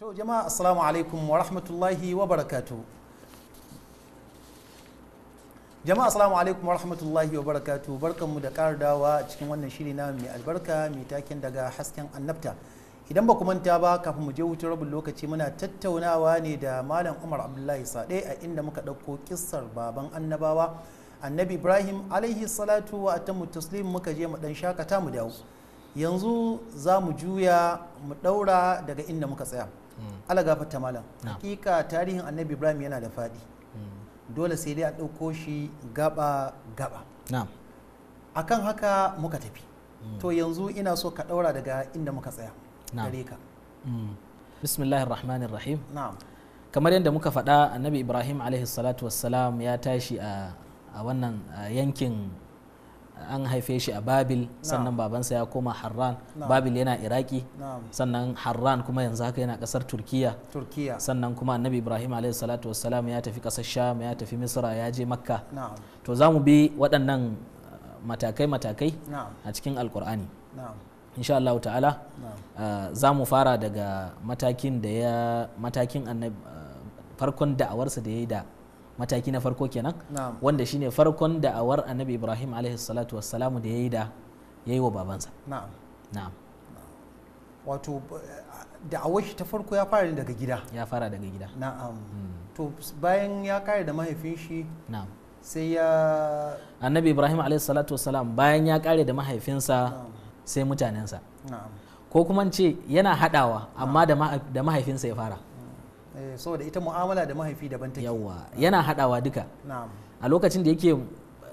to jama'a assalamu alaikum wa rahmatullahi wa barakatu jama'a assalamu alaikum wa rahmatullahi wa barakatu barkanmu da ƙara dawa cikin wannan shiri na mai albarka mai taken daga hasken annabta idan ba ku manta ba kafin mu je wutar rabin lokaci muna tattaunawa ne da malam umar abdullahi sade a inda muka ɗauko kissar baban annabawa annabi ibrahim alaihi salatu wa atammu taslim muka je mu dan shakata mu dawo yanzu za mu juya mu ɗaura daga inda muka tsaya ala gafarta malam hakika tarihin annabi ibrahim yana da faɗi hmm. dole sai dai a ɗauko shi gaba gaba akan haka muka tafi hmm. to yanzu ina so ka ɗaura daga inda muka tsaya gare ka hmm. bismillahir rahmanir rahim kamar yadda muka faɗa annabi ibrahim alaihi salatu wassalam ya tashi a wannan yankin an haife shi a babil sannan babansa ya koma harran babil yana iraki sannan harran kuma yanzu haka yana kasar turkiya sannan kuma annabi ibrahim a.s. ya tafi kasar sham ya tafi misra ya je makka to za mu bi waɗannan matakai-matakai uh, a cikin alkur'ani insha Allah ta'ala uh, za mu fara daga matakin da ya matakin uh, farkon da'awarsa da ya yi da mataki na farko kenan wanda shine farkon da'awar annabi ibrahim alaihi salatu wassalamu da yi da yi wa babansa na'am wato da'awar shi ta farko ya fara daga gida ya fara daga gida na'am hmm. to bayan ya kare da mahaifin shi na'am sai ya annabi ibrahim alaihi salatu wasalam bayan ya kare da mahaifinsa sai mutanensa Na'am. ko kuma ce yana hadawa amma da mahaifinsa ya fara Eh, saboda ita mu'amala da mahaifi daban take yawa yana hadawa duka a lokacin da yake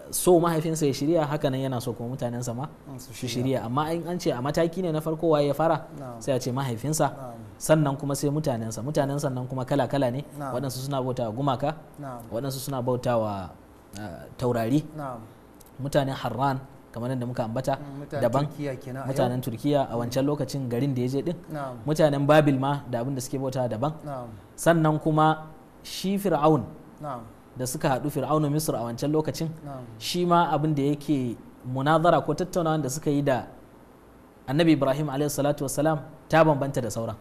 so mahaifinsa ya shirya haka nan yana so kuma mutanensa ma mm, su shirya amma in an ce a mataki ne na farko waye ya fara sai a ce mahaifinsa sannan kuma sai mutanensa mutanen nan kuma kala kala ne waɗansu suna bautawa gumaka waɗansu suna bauta wa eh, taurari mutanen harran kamar yadda muka ambata mm, daban mutanen turkiya a wancan lokacin garin da ya je din mutanen babil ma da abin da suke bauta daban sannan kuma shi fir'aun da suka haɗu fir'aunin misir a wancan lokacin shi ma abin da yake munazara ko tattaunawa da suka yi da annabi ibrahim alaihi salatu wasalam ta bambanta da sauran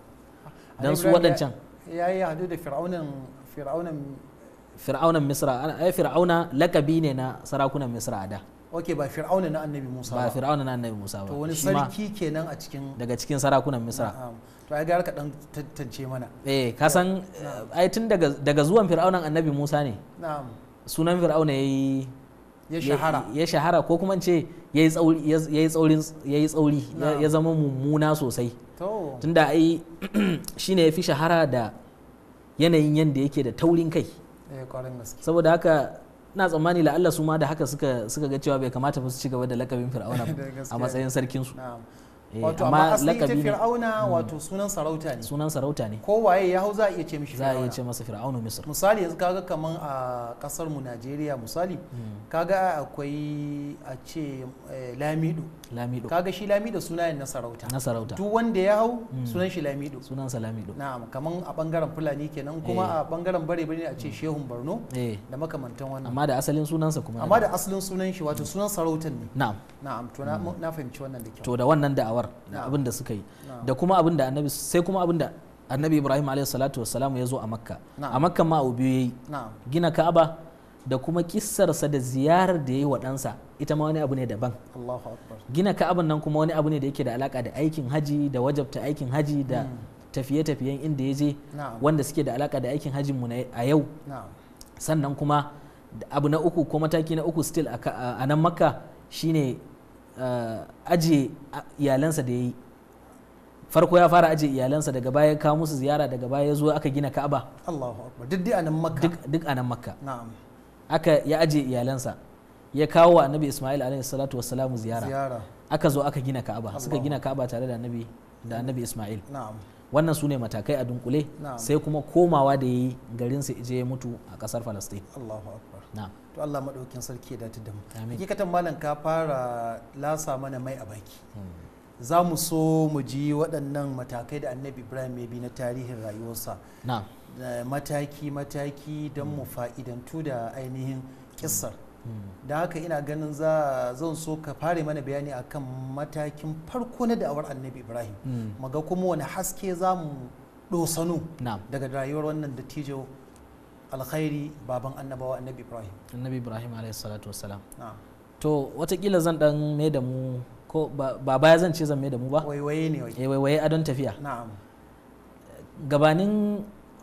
ah, don su waɗancan ya yi da fir'aunan misra a fir'auna lakabi ne na sarakunan misra a da ok ba fir'auna na annabi musa ba fir'auna na annabi musa ba to wani sarki kenan a cikin daga cikin sarakunan misra to ai ga ka dan tantance mana eh ka san ai tun daga daga zuwan fir'aunan annabi musa ne na'am sunan fir'auna yayi ya shahara ya shahara ko kuma ce yayi tsauri yayi tsauri yayi tsauri ya zama mummuna sosai to tunda ai shine yafi shahara da yanayin yanda yake da taurin kai eh, saboda haka na tsammani la Allah su ma da haka suka ga cewa bai kamata ba su ci gaba da lakabin fir'auna a matsayin sarkin su Eh, wato amma lakabi ne fir'auna hmm. wato sunan sarauta ne sunan sarauta ne kowaye ya hau za a iya ce mishi za a iya ce masa fir'auna misir misali yanzu kaga kaman a kasar mu Najeriya misali hmm. kaga akwai a ce eh, lamido lamido kaga shi lamido suna na sarauta na sarauta duk wanda ya hau hmm. sunan shi lamido sunan sa lamido na'am kaman a bangaren fulani kenan kuma eh. a bangaren bare bare a ce shehun barno. da makamantan wannan amma da asalin sunansa kuma amma da asalin sunan shi wato sunan sarautan ne na'am na'am to na fahimci wannan da kyau to da wannan da'awar umar da abin da suka yi da kuma abin da annabi sai kuma abin da annabi ibrahim alayhi salatu ya zo a makka a makka ma abu yayi gina ka'aba da kuma kissarsa da ziyarar da yayi wa ɗansa ita ma wani abu ne daban gina ka'aban nan kuma wani abu ne da yake da alaka da aikin haji da wajabta aikin haji da mm. tafiye-tafiyen inda ya je wanda suke da alaka da aikin hajjin mu a yau sannan kuma abu na uku ko mataki na uku still a nan makka shine Eh, aje iyalansa da ya yi farko ya fara aje iyalansa daga baya ya kawo musu ziyara daga baya ya zo aka gina ka'aba duk a nan makka aka ya aje iyalansa ya kawo wa annabi isma'il alaihi salatu wassalamu ziyara aka zo aka gina ka'aba suka gina ka'aba tare da annabi da annabi isma'il na'am wannan su ne matakai a dunkule sai kuma komawa da ya yi garinsa ije ya mutu a kasar falastin allahu akbar to allah maɗaukin sarki ya dace da mu hakikatan malam ka fara lasa mana mai a baki hmm. za mu so mu ji waɗannan matakai da annabi ibrahim ya bi na tarihin rayuwarsa eh, mataki mataki don mu fa'idantu da ainihin kissar da haka ina ganin za zan so ka fare mana bayani akan matakin farko na da'awar annabi ibrahim maga hmm. kuma wani haske za mu dosanu daga rayuwar wannan dattijo alkhairi baban annabawa annabi ibrahim annabi ibrahim alayhi salatu wasalam to watakila zan dan mai da mu ko ba baya zan ce zan mai da mu ba waiwaye ne eh, waiwaye adon tafiya na'am gabanin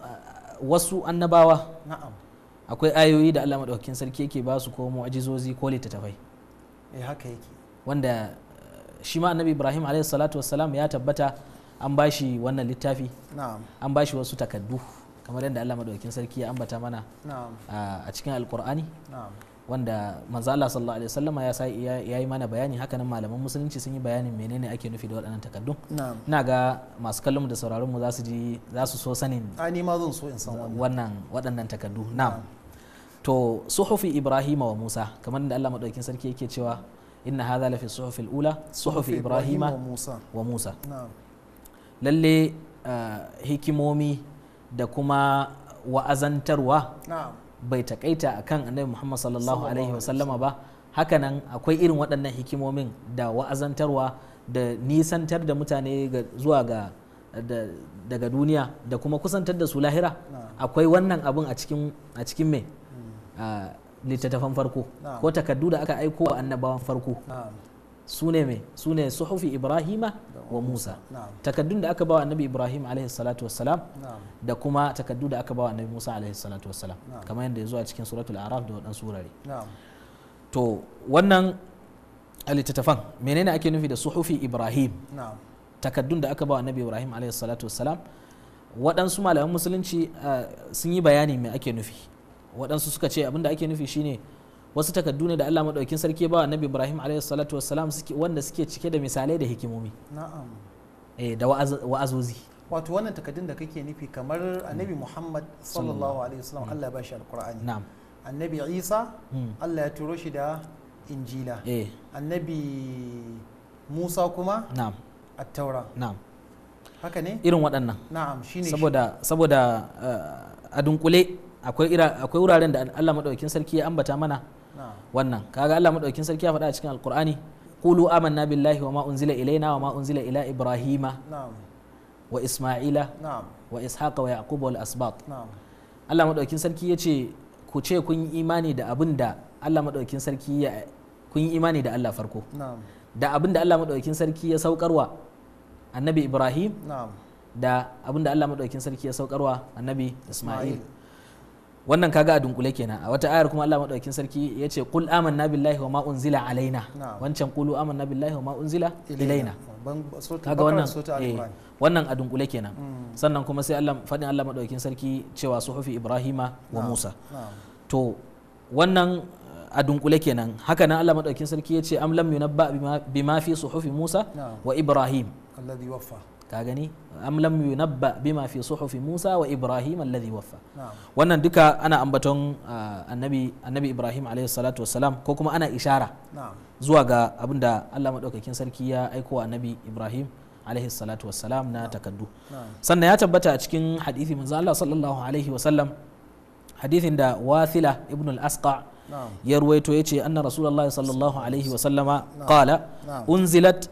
ah, wasu annabawa na'am akwai ayoyi da Allah madaukakin sarki yake ba su ko mu'ajizozi ko littattafai eh haka yake wanda eh, shi ma annabi Ibrahim alayhi salatu wassalam ya tabbata an bashi wannan littafi na'am an bashi wasu takaddu kamar yadda Allah madaukakin sarki ya ambata mana a cikin alqur'ani na'am wanda manzo Allah sallallahu alaihi wasallam ya sai ya yi mana bayani nan malaman musulunci sun yi bayanin menene ake nufi da waɗannan takaddun ina ga masu kallon da sauraron mu za su ji za su so sanin ani ma zan so in san wannan waɗannan takaddu na'am to suhufi ibrahima wa musa kamar da allah maɗaukin sarki yake cewa inna hadha lafi suhufi ula suhufi ibrahima wa musa lalle eh, hikimomi da kuma wa'azantarwa bai takaita akan annabi muhammad sallallahu alaihi wasallama ba hakanan akwai irin waɗannan hikimomin da wa'azantarwa da nisantar da mutane zuwa ga daga duniya da kuma kusantar da su lahira akwai wannan abin a cikin me littattafan farko ko takardu da aka aiko wa annabawan farko su ne mai su ne suhufi ibrahima wa musa takaddun da aka bawa annabi ibrahim alaihi salatu wassalam da kuma takaddu da aka bawa annabi musa alaihi salatu wassalam kamar yadda ya zo a cikin suratul araf da waɗansu wurare to wannan littattafan menene ake nufi da suhufi ibrahim takaddun da aka bawa annabi ibrahim alaihi salatu wassalam waɗansu malaman musulunci sun yi bayani mai ake nufi waɗansu suka ce abinda ake nufi shine wasu takardu ne da Allah maɗaukin sarki ba annabi Ibrahim alayhi salatu wassalam suke wanda suke cike da misalai da hikimomi na'am eh da wa'azozi wato wannan takaddun da kake nufi kamar annabi Muhammad sallallahu alaihi wasallam hmm. Allah ya bashi alqur'ani na'am annabi Isa hmm. Allah ya turo shi da injila eh annabi Musa kuma na'am at-taura na'am haka ne irin waɗannan na'am shine saboda saboda eh, a dunkule akwai wuraren da Allah madaukakin sarki ya ambata mana wannan kaga Allah madaukakin sarki ya faɗa a cikin alqur'ani qulu amanna billahi wa ma unzila ilaina wa ma unzila ila ibrahima wa isma'ila wa ishaqa wa yaquba wal asbat Allah madaukakin sarki ya ce ku ce kun yi imani da abin da Allah madaukakin sarki ya kun yi imani da Allah farko da abin da Allah madaukakin sarki ya saukarwa annabi ibrahim da abin da Allah madaukakin sarki ya saukarwa annabi isma'il wannan kaga a dunkule kenan a wata ayar kuma Allah madaukakin sarki ya ce qul amanna billahi wa ma unzila alaina wancan qulu amanna billahi wa ma unzila ilaina kaga wannan eh, wannan a dunkule kenan mm. sannan kuma sai Allah fadin Allah madaukakin sarki cewa suhufi ibrahima wa musa to wannan eh, a dunkule kenan haka nan Allah madaukakin sarki ya ce am lam yunabba bima fi suhufi musa wa ibrahim alladhi waffa ka gani am lam yunabba bima fi suhufi Musa wa Ibrahim alladhi waffa wannan duka ana ambaton ah, annabi annabi Ibrahim alaihi salatu wassalam ko kuma ana ishara zuwa ga abinda Allah madaukakin sarki ya aiko annabi Ibrahim alaihi salatu wassalam na takaddu sannan ya tabbata a cikin hadithi manzo Allah sallallahu alaihi wasallam hadithin da Wathila ibn al-Asqa ya ruwaito ya ce anna rasulullah sallallahu alaihi wasallama qala unzilat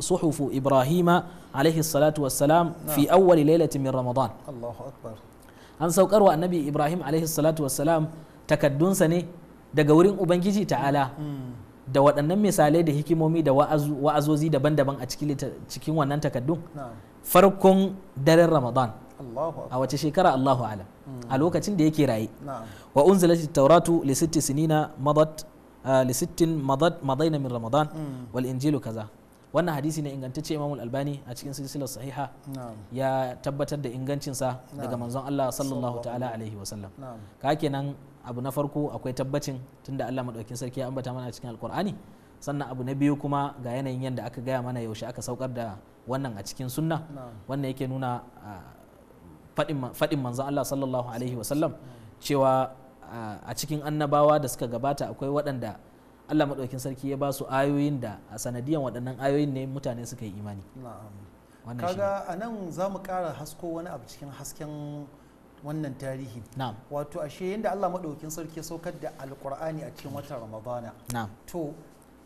suhufu ibrahima alaihi salatu wassalam fi awwali lailatin min ramadan an saukar wa annabi ibrahim alaihi salatu takaddunsa ne daga wurin ubangiji ta'ala da waɗannan misalai da hikimomi da wa'azozi daban-daban a cikin wannan takaddun farkon daren ramadan a wace shekara allahu alam a lokacin da yake raye wa unzilat tauratu li sitti sinina madat ramadan walinjilu kaza. wannan hadisi ne ingantacce imamul albani a cikin silsilar sahiha ya tabbatar da ingancinsa daga manzon Allah sallallahu ta'ala alaihi wasallam ka kenan abu na farko akwai tabbacin tunda Allah madaukakin sarki ya ambata mana a cikin alqur'ani sannan abu na biyu kuma ga yanayin yadda aka gaya mana yaushe aka saukar da wannan a cikin sunna wannan yake nuna faɗin manzon Allah sallallahu alaihi wasallam cewa a cikin annabawa da suka gabata akwai waɗanda Allah maɗaukin sarki ya ba su ayoyin da a sanadiyan waɗannan ayoyin ne mutane suka yi imani kaga a nan za mu ƙara hasko wani abu cikin hasken wannan tarihi wato ashe yadda Allah maɗaukin sarki saukar da alƙur'ani a cikin watan ramadana to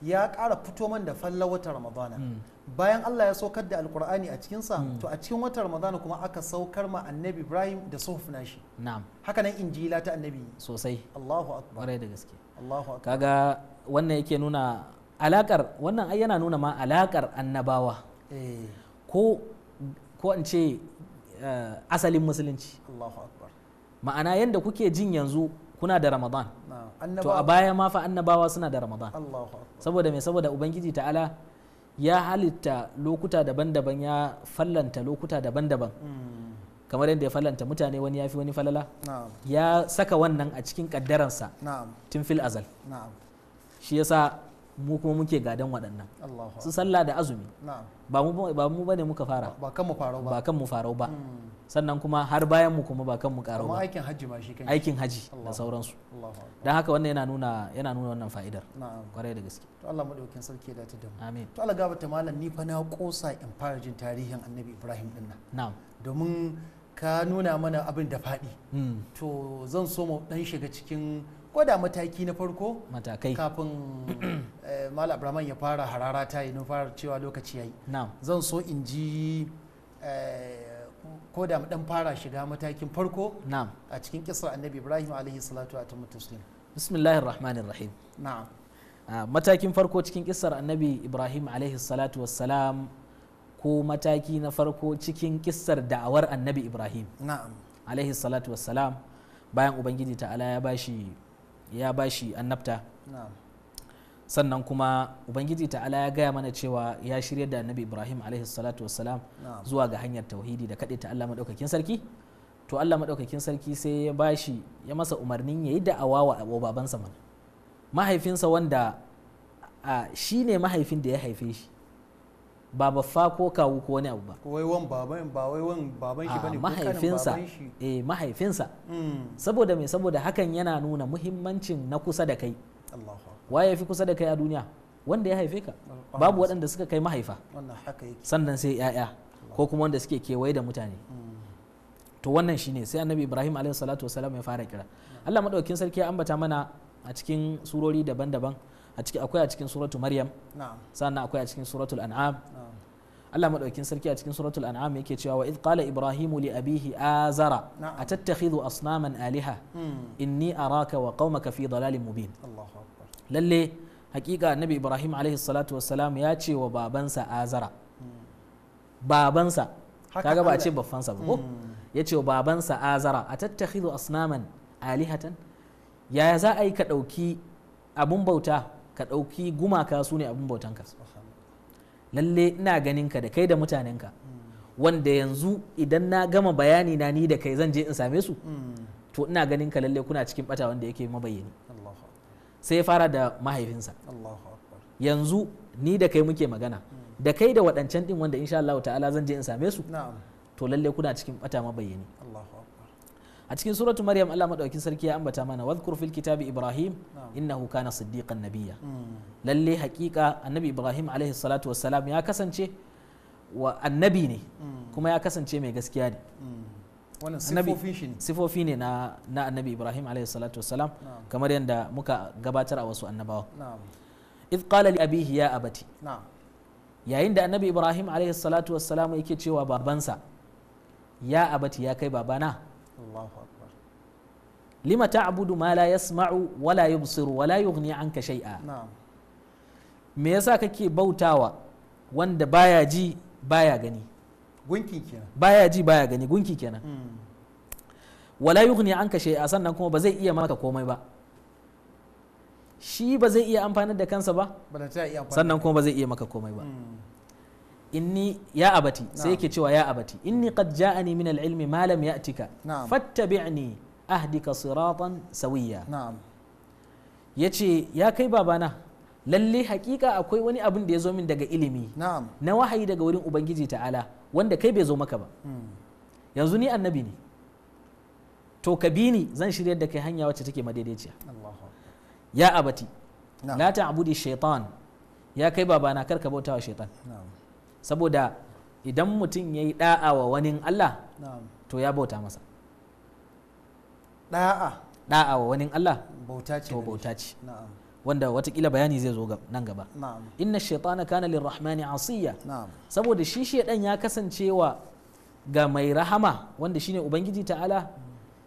ya ƙara fito man da falla watan ramadana hmm. bayan Allah ya saukar da Alƙur'ani a cikinsa hmm. to a cikin watan ramadana kuma aka saukar ma annabi ibrahim da sofina shi haka nan injila ta annabi sosai allahu akbar da gaske allahu akbar kaga wannan yake nuna alakar wannan yana nuna ma alakar annabawa eh. ko ko in ce eh, asalin musulunci ma'ana yadda kuke jin yanzu kuna da ramadan to a baya ma fa annabawa suna da ramadan saboda mai saboda ubangiji ta'ala ya halitta lokuta daban-daban ya fallanta lokuta daban-daban hmm. kamar yadda ya fallanta mutane wani ya fi wani falala ya saka wannan a cikin kaddaransa tun fil azal shi yasa mu kuma muke gadon waɗannan su sallah da azumi ba mu ba ne muka fara ba kan mu farau ba kan mu farau ba hmm. sannan kuma har bayan mu kuma ba kan mu karau ba aikin haji ma shi aikin haji da sauransu dan haka wannan yana nuna yana nuna wannan fa'idar kwarai da gaske to Allah madaukakin sarki da ta damu amin to Allah gaba ta malam ni fa na kosa in fara jin tarihin Annabi Ibrahim din nan na'am domin ka nuna mana abin da faɗi hmm. to zan so mu dan shiga cikin ko da mataki na farko matakai kafin eh, mal abraman ya fara harara ta yi fara cewa lokaci ya yi zan so in ji eh, ko da dan fara shiga matakin farko a cikin kisar annabi ibrahim alaihi salatu wa taslim bismillahir rahmanir rahim na'am ah, matakin farko cikin kisar annabi ibrahim alaihi salatu wassalam ko mataki na farko cikin kisar da'awar annabi ibrahim na'am alaihi salatu wassalam bayan ubangiji ta'ala ya bashi ya ba shi annabta sannan kuma ubangiji ta'ala ya gaya mana cewa ya shirya da annabi ibrahim alaihi salatu wassalam zuwa ga hanyar tauhidi da kaɗe ta allah maɗaukakin sarki to allah maɗaukakin sarki sai ya ba shi ya masa umarnin ya yi da'awa wa babansa mana mahaifinsa wanda shi ne mahaifin da ya haife shi ba baffa ko kawu ko wani abu ba wai wan baban ba wai wan baban shi ah, bane mahaifinsa eh mahaifinsa hmm. saboda me saboda hakan yana nuna muhimmancin na kusa da kai ya fi kusa da kai a duniya wanda ya haife ka babu waɗanda suka kai mahaifa sannan sai ya'ya ko kuma wanda suke kewaye da mutane hmm. to wannan shine sai annabi ibrahim alaihi salatu wasalam ya fara kira hmm. allah madaukin sarki ya ambata mana a cikin surori daban-daban akwai a cikin suratu maryam sannan akwai a cikin suratul an'am Allah madaukin sarki a cikin suratul an'am yake cewa wa id qala ibrahimu li abihi azara atattakhidhu asnaman aliha hmm. inni araka wa qaumaka fi dalalin mubin lalle hakika annabi ibrahim alaihi salatu wassalam ya ce wa babansa azara hmm. babansa kaga ba a ce babansa ba ko hmm. ya ce wa babansa azara atattakhidhu asnaman alihatan yaya za a yi ka dauki abun bauta ka ɗauki gumaka su ne abin ka. lalle ina ganin ka da kai da mutanenka wanda yanzu idan na gama bayani na ni da kai zan je in same su to ina ganin ka lalle kuna cikin bata wanda yake mabayyani sai ya fara da mahaifinsa yanzu ni da kai muke magana da kai da waɗancan ɗin wanda insha Allah ta'ala zan je in same su to lalle kuna cikin bata mabayyani a cikin suratu maryam Allah madaukakin sarki ya ambata mana wadhkur fil kitabi ibrahim innahu kana siddiqan nabiyya hmm. lalle hakika annabi ibrahim alaihi salatu wassalam ya kasance wa annabi ne hmm. kuma ya kasance mai gaskiya ne hmm. wannan sifofi shi ne sifofi ne na annabi ibrahim alaihi salatu wassalam kamar yadda muka gabatar a wasu annabawa idh qala li abihi ya abati yayin da annabi ibrahim alaihi salatu wassalam yake cewa babansa ya abati ya kai babana lima ta'budu ma la yasma'u wa la yubsiru wa la yughni anka shay'a me yasa kake bautawa wanda baya ji baya gani gunki kenan baya ji baya gani gunki kenan hmm. wala yughni anka shay'a sannan kuma ba zai iya maka komai ba shi ba zai iya amfanar da kansa ba sannan kuma ba zai iya maka komai ba hmm. inni ya abati sai yake cewa ya abati inni qad ja'ani min al-ilmi ma lam ya'tika fattabi'ni ahdika siratan sawiya yace ya kai babana lalle hakika akwai wani abin da ya zo min daga ilimi na wahayi daga wurin ubangiji ta'ala wanda kai bai zo maka ba hmm. yanzu ni annabi ne to ka bi ni zan shiryar da kai hanya wacce take madaidaiciya ya abati la ta'budi shaitan ya kai babana kar ka bauta wa shaitan saboda idan mutum ya yi da'a wa wani Allah to ya bauta masa da'a da'a wa wani Allah to bauta ce wanda watakila bayani zai zo nan gaba inna shaitana kana lirrahmani asiya saboda shi shaidan ya kasance wa ga mai rahama wanda shine ubangiji ta'ala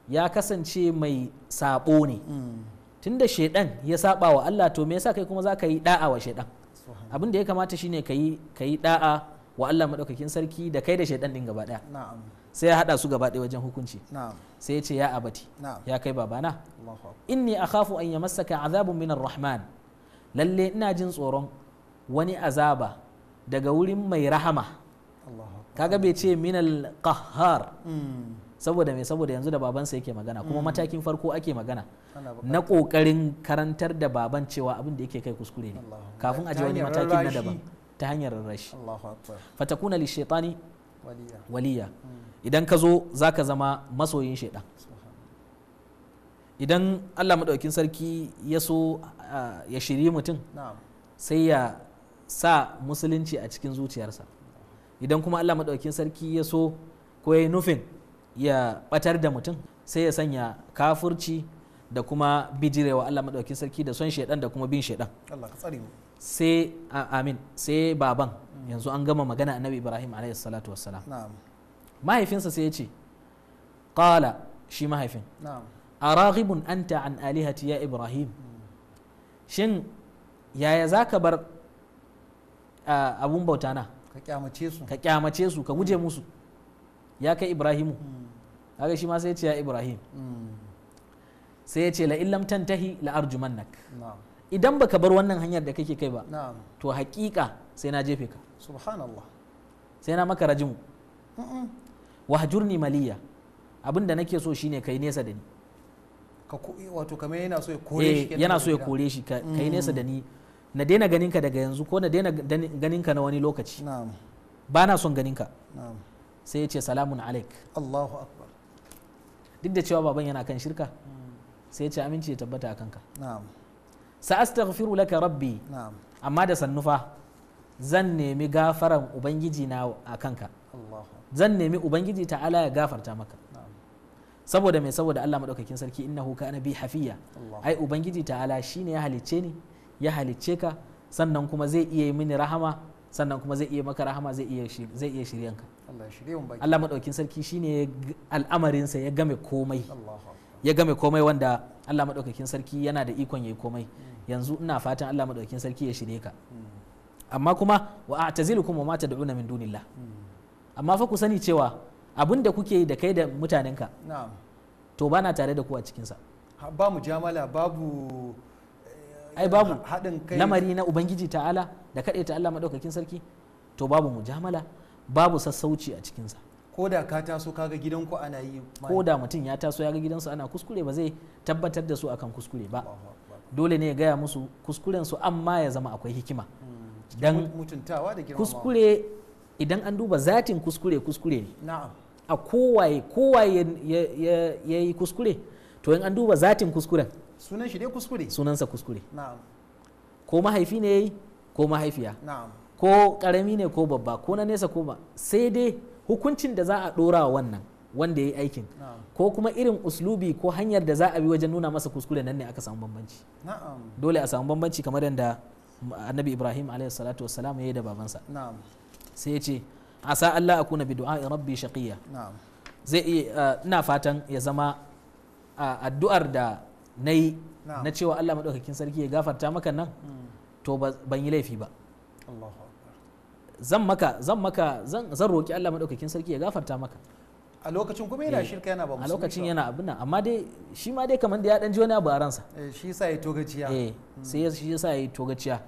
ya kasance mai sabo ne mm. tunda shaidan ya saba wa Allah to me yasa kai kuma zaka yi da'a wa shaidan abin da ya kamata shine ka yi ka yi da'a wa Allah madaukakin sarki da kai da shaidan din gaba daya sai ya hada su gaba daya wajen hukunci sai ya ce ya abati ya kai babana inni akhafu an yamassaka azabun minar rahman lalle ina jin tsoron wani azaba daga wurin mai rahama kaga bai ce minal qahhar hmm. saboda me saboda yanzu da babansa yake magana kuma hmm. matakin farko ake magana na kokarin karantar da baban cewa abin da yake kai kuskure ne kafin a ji wani matakin na daban ta hanyar rashi fatakuna li shaitani waliya hmm. idan ka zo zaka zama masoyin shaidan idan Allah maɗaukin sarki ya so ya shiri mutum sai ya sa musulunci a cikin zuciyarsa idan kuma Allah maɗaukin sarki ya so ko ya yi nufin ya batar da mutum sai ya sanya kafurci da kuma bijirewa Allah maɗaukin sarki da son shaidan da kuma bin shaidan sai amin sai baban yanzu an gama magana annabi ibrahim alayhi salatu wassalam mahaifinsa sai ya ce qala shi mahaifin a raghibun anta an alihati ya ibrahim shin yaya zaka bar abun bauta na ka kyamace su ka guje musu ya kai ibrahimu haka hmm. shi ma sai ya ce ya ibrahim hmm. sai ya ce la illam tantahi la arjumannak idan baka bar wannan hanyar da kake kai ba to hakika sai na jefe ka subhanallah sai na maka rajimu wahjurni maliya abin da nake so shine kai nesa da ni wato kamar yana so ya kore eh, shi yana so ya kore shi kai nesa da mm. ni na daina ganinka daga yanzu ko na daina ganinka na wani lokaci ba na son ganinka sai ya ce salamun alaik Allahu akbar duk da cewa baban yana kan shirka sai ya ce aminci ya tabbata a kanka sa'astaghfiru laka rabbi amma da sannufa zan nemi gafaran ubangiji na a kanka zan nemi ubangiji ta'ala ya gafarta maka saboda mai saboda Allah madaukakin sarki huka kana bi hafiya ai ubangiji ta'ala ne ya halicce ni ya halicce ka sannan kuma zai iya yi mini rahama sannan kuma zai iya maka rahama zai iya zai iya shiryan ka Allah madaukin sarki shine al'amarin sa ya game komai ya game komai wanda Allah madaukakin sarki yana da ikon yayi komai hmm. yanzu ina fatan Allah madaukakin sarki ya shirye ka hmm. amma kuma wa a'tazilukum wa ma tad'una min dunillah hmm. amma fa ku sani cewa abin da kuke yi da kai da mutanenka to bana tare da ku a cikin sa. ba mu babu ai babu lamari na ubangiji ta'ala da ta Allah maɗaukakin sarki to babu mujamala babu sassauci a cikinsa ko da ka taso kaga gidanku ana yi ko da mutum ya taso ya ga gidansu ana kuskure ba zai tabbatar da su akan kuskure ba dole ne ya gaya musu kuskuren su amma ya zama akwai hikima hmm. dan kuskure idan an duba zatin kuskure kuskure ne na'am a kowaye kowaye ya yi kuskure to in an duba zatin kuskuren sunan shi dai kuskure sunansa kuskure na'am ko mahaifi ne yayi ko mahaifiya na'am ko karami ne ko babba ko na nesa ko ba sai dai hukuncin da za a dora wannan wanda ya yi aikin ko kuma irin uslubi ko hanyar da za a bi wajen nuna masa kuskure nan ne aka samu bambanci dole a samu bambanci kamar yadda annabi ibrahim alaihi salatu ya da babansa sai ya ce asa allah a kuna bi du'a'i rabbi shaqiya zai iya ina fatan ya zama addu'ar da na yi na cewa Allah maɗaukakin sarki ya gafarta maka nan to ban yi laifi ba zan maka zan maka zan roƙi Allah maɗaukakin sarki ya gafarta maka a lokacin kuma yana eh, shirka yana ba a lokacin yana abin nan amma dai shi ma dai kamar da ya dan ji wani abu a ransa eh, shi yasa ya togaciya eh hmm. sai shi yasa ya togaciya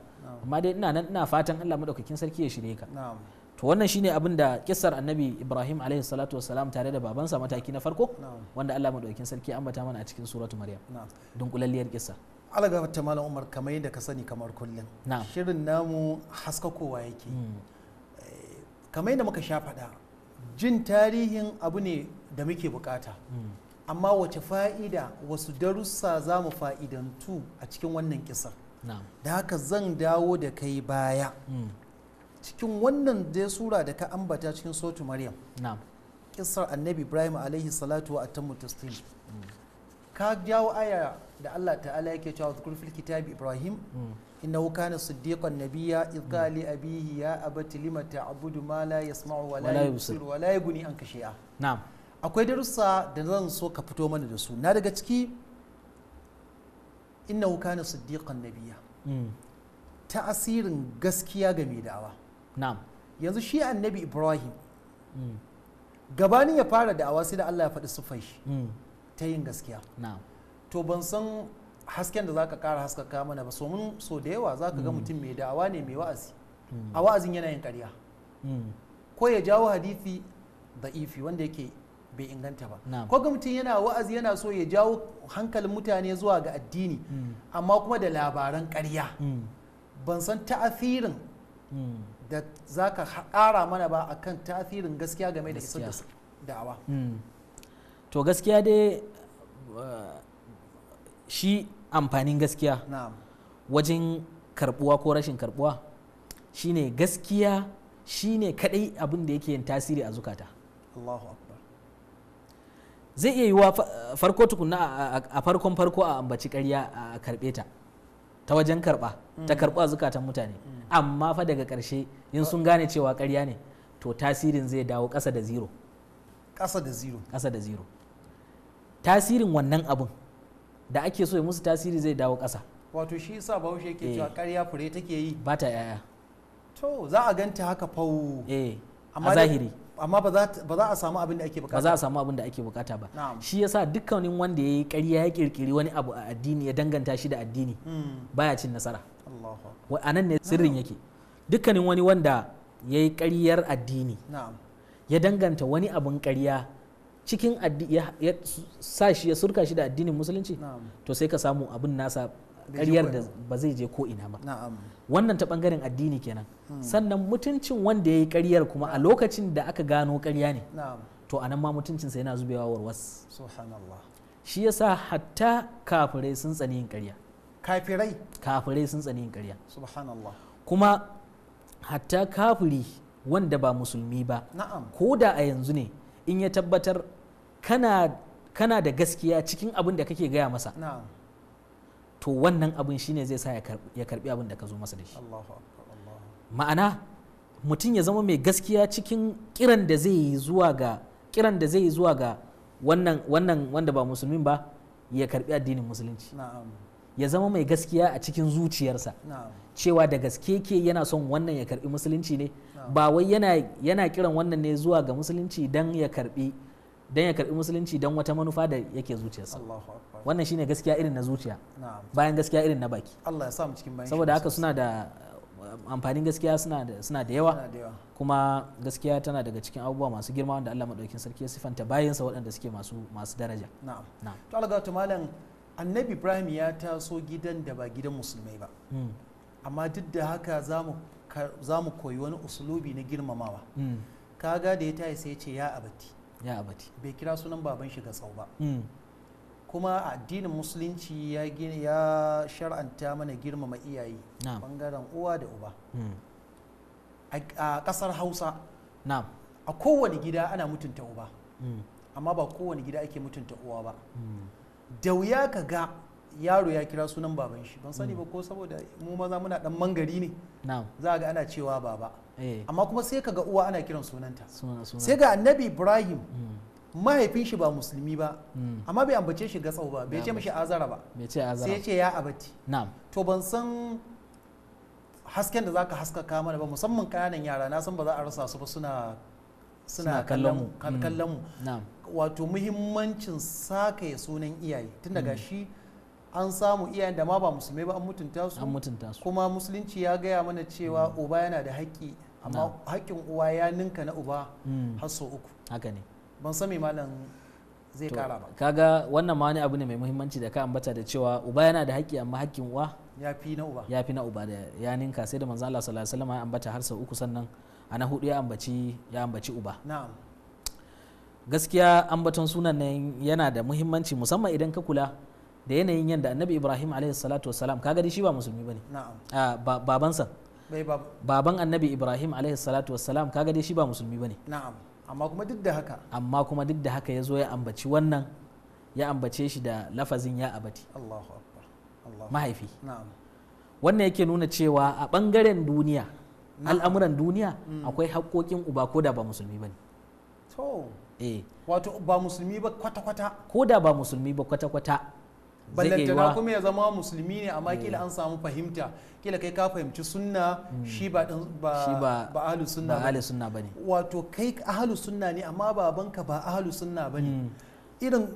amma dai ina nan ina fatan Allah maɗaukakin sarki ya shirye ka na'am to wannan shine abin da kisar annabi ibrahim alaihi salatu wasalam tare da babansa mataki na farko wanda allah maɗaukin sarki ambata mana a cikin suratu maryam dunkulalliyar kisa alaga ta malam umar kamar yadda ka sani kamar kullum shirin namu haskakowa yake hmm. eh, kamar yadda muka sha faɗa jin tarihin abu ne da muke bukata hmm. amma wace fa'ida wasu darussa za mu fa'idantu a cikin wannan kisar da haka zan dawo da kai baya hmm. cikin wannan dai sura da ka ambata cikin sotu maryam kisar annabi ibrahim alaihi salatu wa atammu taslim ka jawo aya da allah ta'ala yake cewa zukur fil kitabi ibrahim mm. innahu kana siddiqan nabiyya idh mm. qala abihi ya abati lima ta'budu ma la yasma'u wa la yubsir wa la yughni anka shay'a na'am akwai darussa da zan so ka fito mana da su na daga ciki innahu kana siddiqan nabiyya mm. ta'asirin gaskiya ga mai da'awa na'am yanzu shi annabi ibrahim hmm. gabanin ya fara da'awa sai da Allah ya faɗi siffar shi hmm. ta yin gaskiya naam to ban san hasken da za ka ƙara haskaka mana ba so mun so da yawa za ka ga hmm. mutum mai da'awa ne mai wa'azi a wa'azin yana yin ƙarya ko ya jawo hadithi da ifi wanda yake bai inganta ba ko ga mutum yana wa'azi yana so ya jawo hankalin mutane zuwa ga addini amma kuma da labaran ƙarya ban san ta'athirin da za ka ƙara mana ba akan tasirin gaskiya game da isar da dawa hmm. to gaskiya dai uh, shi amfanin gaskiya wajen karbuwa ko rashin karbuwa shine gaskiya shine kadai abin da yake yin tasiri a zukata zai iya yiwa uh, farko tukunna a farkon farko a ambaci karya a karbe ta ta wajen karba ta hmm. karbu a zukatan mutane hmm. amma fa daga ƙarshe in sun gane cewa ƙarya ne to tasirin zai dawo ƙasa da zero ƙasa da zero ƙasa da zero tasirin wannan abun da ake so ya musu tasiri zai dawo ƙasa wato shi sa bahaushe ke cewa eh. ƙarya fure take yi ba ta yaya to za a ganta haka fau eh a zahiri amma ba za a samu abin da ake bukata ba za a samu abin da ake bukata ba shi yasa dukkanin wanda ya yi ƙarya ya kirkiri wani abu a addini ya danganta shi da addini hmm. baya cin nasara wa anan ne sirrin yake dukkanin wani wanda ya yi ƙaryar addini ya danganta wani abin ƙarya cikin ya sa shi ya surka shi da addinin musulunci to sai ka samu abin nasa ƙaryar da ba zai je ko ina ba wannan ta bangaren addini kenan hmm. sannan mutuncin wanda ya yi ƙaryar kuma a lokacin da aka gano ƙarya ne to anan ma mutuncinsa yana zubewa warwas shi yasa hatta kafirai sun tsani yin ƙarya kafirai kafirai sun tsani ƙarya subhanallah kuma hatta kafiri wanda ba musulmi ba ko da a yanzu ne in ya tabbatar kana kana da gaskiya cikin abin da kake gaya masa to wannan abin shine zai sa ya karbi abin da ka zo masa da shi ma'ana mutum ya zama mai gaskiya cikin kiran da zai yi zuwa ga kiran da zai yi zuwa ga wannan wannan wanda ba musulmin ba ya karbi addinin musulunci na'am ya zama mai gaskiya a cikin zuciyarsa cewa da gaske ke yana son wannan ya karbi musulunci ne ba wai yana kiran wannan ne zuwa ga musulunci dan ya karbi dan ya karbi musulunci dan wata manufa da yake zuciyarsa wannan shine gaskiya irin na zuciya bayan gaskiya irin na baki Allah ya sa mu cikin bayan saboda haka suna da amfanin gaskiya suna da yawa kuma gaskiya tana daga cikin abubuwa masu girma wanda Allah madaukin sarki ya sifanta bayansa waɗanda suke masu masu daraja na'am to Allah ga malam annabi ibrahim ya taso gidan da ba gidan musulmai ba hmm. amma duk da haka za mu koyi wani usulubi na girmamawa hmm. kaga da ya tayi sai ce ya abati ya abati bai kira sunan baban shi ga tsau ba hmm. kuma addinin musulunci ya ya shar'anta mana girmama iyaye bangaren uwa da uba a kasar hausa a kowane gida ana mutunta uba amma ba kowane gida ake mutunta uwa ba da wuya ka ga yaro ya kira sunan baban shi ban sani ba mm. ko saboda mu maza muna dan mangari ne za ga ana cewa baba eh. amma kuma sai ka ga uwa ana kiran sunanta sai ga annabi ibrahim mm. mahaifin shi ba musulmi ba mm. amma bai ambace shi gatsau ba bai ce mishi azara ba sai ya ce ya abati to ban san hasken da zaka haskaka mana ba musamman kananan yara na san ba za a rasa su ba suna suna kallon mu mm. wato muhimmancin ya sunan iyaye tun daga mm. shi an samu iyaye da ma ba musulmai ba an mutunta su an mutunta su kuma musulunci ya gaya mana cewa mm. uba yana da haƙƙi amma haƙƙin uwa ya ninka na uba har sau uku haka ne ban san me malam zai kara ba kaga wannan ma wani abu ne mai muhimmanci da ka ambata da cewa uba yana da haƙƙi amma haƙƙin uwa ya fi na uba ya fi na uba da ya ninka sai da manzo Allah sallallahu alaihi wasallam ya ambata har sau uku sannan a na hudu ya ambaci ya ambaci uba gaskiya ambaton sunan nan yana da muhimmanci musamman idan ka kula da yanayin yadda annabi ibrahim alaihi salatu wasalam kaga dai shi ba musulmi ba ne babansa baban annabi ibrahim alaihi salatu wasalam kaga dai shi ba musulmi ba ne amma kuma duk da haka amma kuma duk da haka ya zo ya ambaci wannan ya ambace shi da lafazin ya abati mahaifi wannan yake nuna cewa a bangaren duniya al'amuran duniya akwai haƙoƙin uba ko da ba musulmi ba ne to eh. wato ba musulmi ba kwata-kwata ko da ba musulmi ba kwata-kwata ballantana kuma ya zama musulmi ne amma kila eh. an samu fahimta kila kai ka fahimci sunna hmm. shi ba ba sunna ba ahlus bane wato kai ahalu sunna ne amma babanka ba ahalu sunna bane hmm. irin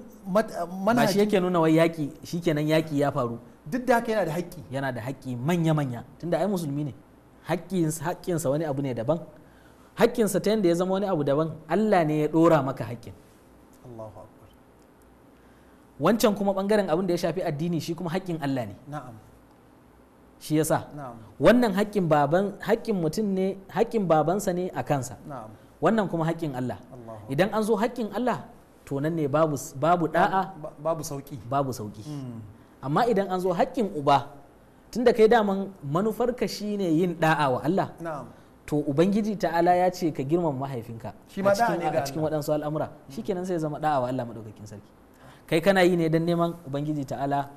manhaji shi yake nuna wai yaki shikenan yaki ya faru duk da haka yana da haƙƙi yana da haƙƙi manya manya tunda ai musulmi ne haƙƙinsa wani abu ne daban haƙƙinsa ta yadda ya zama wani abu daban Allah ne ya ɗora maka haƙƙin wancan kuma ɓangaren abin da ya shafi addini shi kuma haƙƙin Allah ne shi yasa wannan haƙƙin baban haƙƙin mutum ne haƙƙin babansa ne a kansa wannan kuma haƙƙin Allah idan an zo haƙƙin Allah to nan ne babu da'a babu sauki babu sauki hmm. amma idan an zo haƙƙin uba tunda kai daman manufarka shine yin da'a wa Allah to ubangiji ta'ala ya ce ka girmama mahaifinka a cikin waɗansu al'amura mm. shikenan sai zama da'a wa Allah madaukakin sarki kai kana yi ne don neman ubangiji ta'ala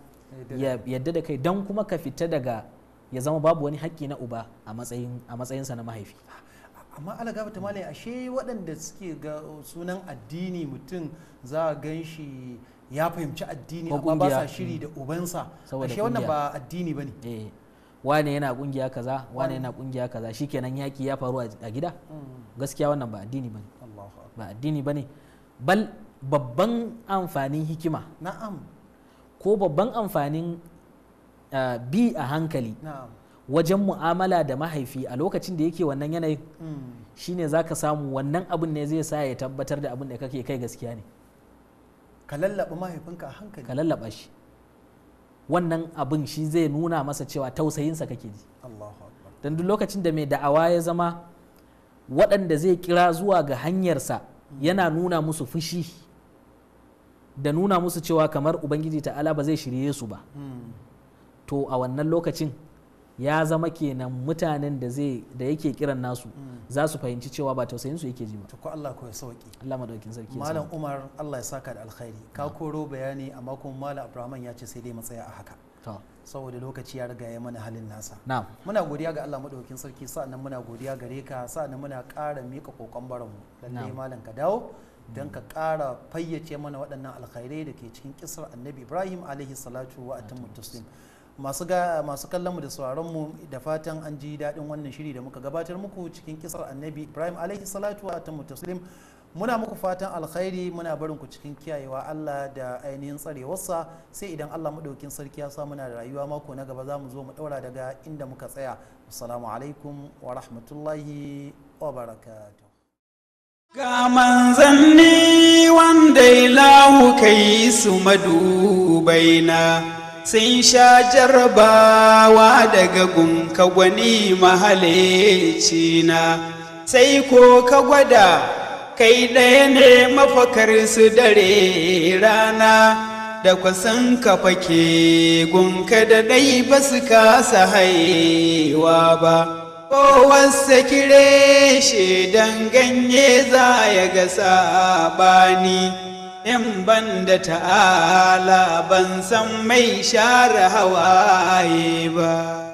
ya yadda da kai don kuma ka fita daga ya zama babu wani haƙƙi na uba a matsayin a matsayinsa na mahaifi amma Allah gaba tamale ashe waɗanda suke ga sunan addini mutum za ganshi. ya fahimci addini amma ba sa shiri da ubansa ashe wannan ba addini bane eh, wane yana kungiya kaza wane yana kungiya kaza shikenan yaki ya faru a gida mm. gaskiya wannan ba addini bane ba addini bane bal babban amfanin hikima na'am ko babban amfanin bi a hankali wajen mu'amala da mahaifi a lokacin da yake wannan yanayin mm. shine zaka samu wannan abun ne zai sa ya tabbatar da abin da kake kai gaskiya ne ka lallaba mahaifinka a hankali ka lallaba shi wannan abin shi zai nuna masa cewa tausayinsa kake ji don duk lokacin da mai da'awa ya zama waɗanda zai kira zuwa ga hanyarsa hmm. yana nuna musu fushi da nuna musu cewa kamar ubangiji ta'ala ba zai shirye su ba hmm. to a wannan lokacin ya zama kenan mutanen da zai da yake kiran nasu mm. za su fahimci cewa ba tausayin su yake ji ba ko Allah ko ya sauki Allah madaukin sarki malam Umar Allah ya saka da alkhairi ka koro bayani amma kuma malam Abraham ya ce sai dai mu a haka saboda lokaci ya riga ya mana halin nasa muna godiya ga Allah madaukin sarki sa'annan muna godiya gare ka sa'annan muna ƙara mika kokon baranmu lalle malam ka dawo mm. don ka ƙara fayyace mana waɗannan alkhairai da ke cikin kisar annabi ibrahim alaihi salatu wa atammu taslim masu kallon mu da sauraron mu da fatan an ji daɗin wannan shiri da muka gabatar muku cikin kisar annabi ibrahim alaihi salatu wa ta muna muku fatan alkhairi muna barin ku cikin kiyayewa Allah da ainihin tsarewarsa sai idan Allah maɗaukin sarki ya sa muna da rayuwa mako na gaba za mu zo mu daura daga inda muka tsaya assalamu alaikum wa rahmatullahi wa barakatuh ga manzanni wanda ilahu kai su madubaina sun sha jarbawa daga gunka gwani mahalicci na sai ko ka gwada kai ɗaya ne mafakar su dare rana da kwasan ka fake gunka da ɗai ba su kasa haiwa ba kowarsa kire shi don ganye za ya ga saɓani in ban da ta'ala ban san mai share hawaye ba